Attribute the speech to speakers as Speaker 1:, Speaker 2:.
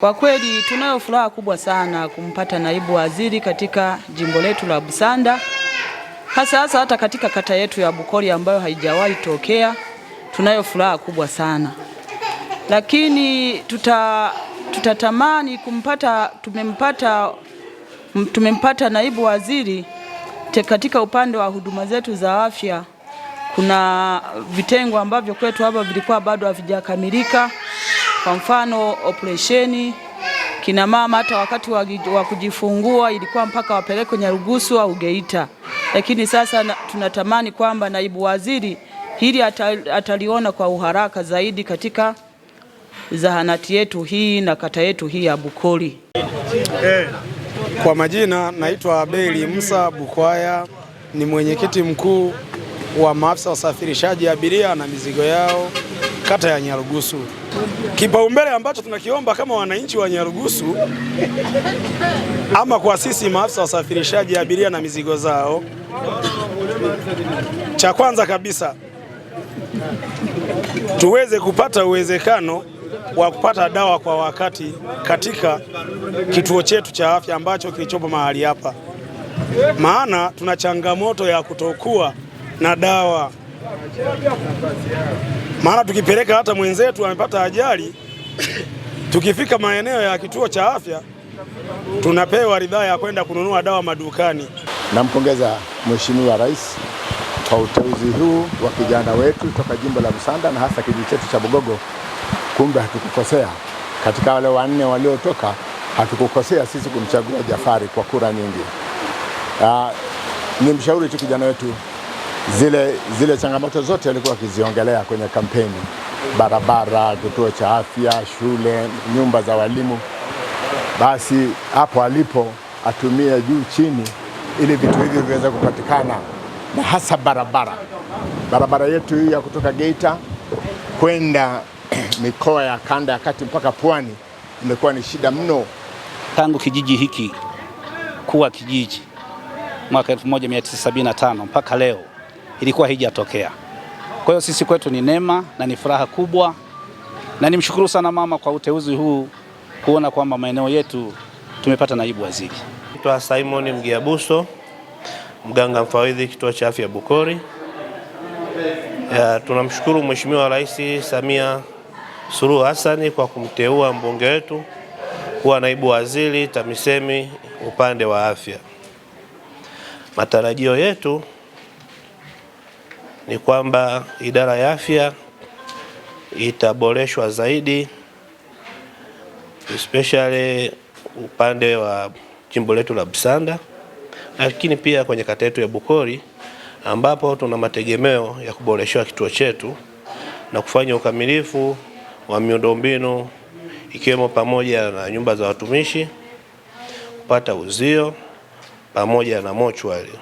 Speaker 1: Kwa kweli tunayo furaha kubwa sana kumpata naibu waziri katika jimbo letu la Busanda, hasa hasa hata katika kata yetu ya Bukoli ambayo haijawahi tokea. Tunayo furaha kubwa sana lakini tuta, tutatamani kumpata tumempata, tumempata naibu waziri te katika upande wa huduma zetu za afya. Kuna vitengo ambavyo kwetu hapa vilikuwa bado havijakamilika. Kwa mfano operesheni, kina mama hata wakati wa kujifungua ilikuwa mpaka wapelekwe Nyarugusu au Geita, lakini sasa na, tunatamani kwamba naibu waziri hili ataliona kwa uharaka zaidi katika zahanati yetu hii na kata yetu hii ya Bukoli.
Speaker 2: Kwa majina naitwa Abeli Musa Bukwaya, ni mwenyekiti mkuu wa maafisa wasafirishaji abiria na mizigo yao kata ya Nyarugusu. Kipaumbele ambacho tunakiomba kama wananchi wa Nyarugusu ama kwa sisi maafisa wasafirishaji abiria na mizigo zao, cha kwanza kabisa tuweze kupata uwezekano wa kupata dawa kwa wakati katika kituo chetu cha afya ambacho kilichopo mahali hapa, maana tuna changamoto ya kutokuwa na dawa maana tukipeleka hata mwenzetu amepata ajali tukifika maeneo ya kituo cha afya tunapewa ridhaa ya kwenda kununua dawa madukani.
Speaker 3: Nampongeza Mheshimiwa Rais kwa uteuzi huu wa kijana wetu toka jimbo la Msanda na hasa kijiji chetu cha Bugogo. Kumbe hatukukosea katika wale wanne waliotoka, hatukukosea sisi kumchagua Jafari kwa kura nyingi. Ah, Ni mshauri tu kijana wetu zile, zile changamoto zote alikuwa akiziongelea kwenye kampeni: barabara, kituo cha afya, shule, nyumba za walimu. Basi hapo alipo atumie juu chini, ili vitu hivyo viweze kupatikana, na hasa barabara. Barabara yetu hii ya kutoka Geita kwenda mikoa ya kanda ya kati mpaka pwani imekuwa ni shida mno
Speaker 4: tangu kijiji hiki kuwa kijiji mwaka 1975 mpaka leo ilikuwa haijatokea. Kwa hiyo sisi kwetu ni neema na ni furaha kubwa, na nimshukuru sana mama kwa uteuzi huu, kuona kwamba maeneo yetu tumepata naibu waziri.
Speaker 5: Naitwa Simon Mgiabuso, mganga mfawidhi kituo cha afya Bukori. Ya, tunamshukuru Mheshimiwa Rais Samia Suluhu Hassan kwa kumteua mbunge wetu kuwa naibu waziri TAMISEMI upande wa afya. Matarajio yetu ni kwamba idara ya afya itaboreshwa zaidi especially upande wa jimbo letu la Busanda, lakini pia kwenye kata yetu ya Bukori ambapo tuna mategemeo ya kuboreshewa kituo chetu na kufanya ukamilifu wa miundombinu ikiwemo pamoja na nyumba za watumishi, kupata uzio pamoja na mochwali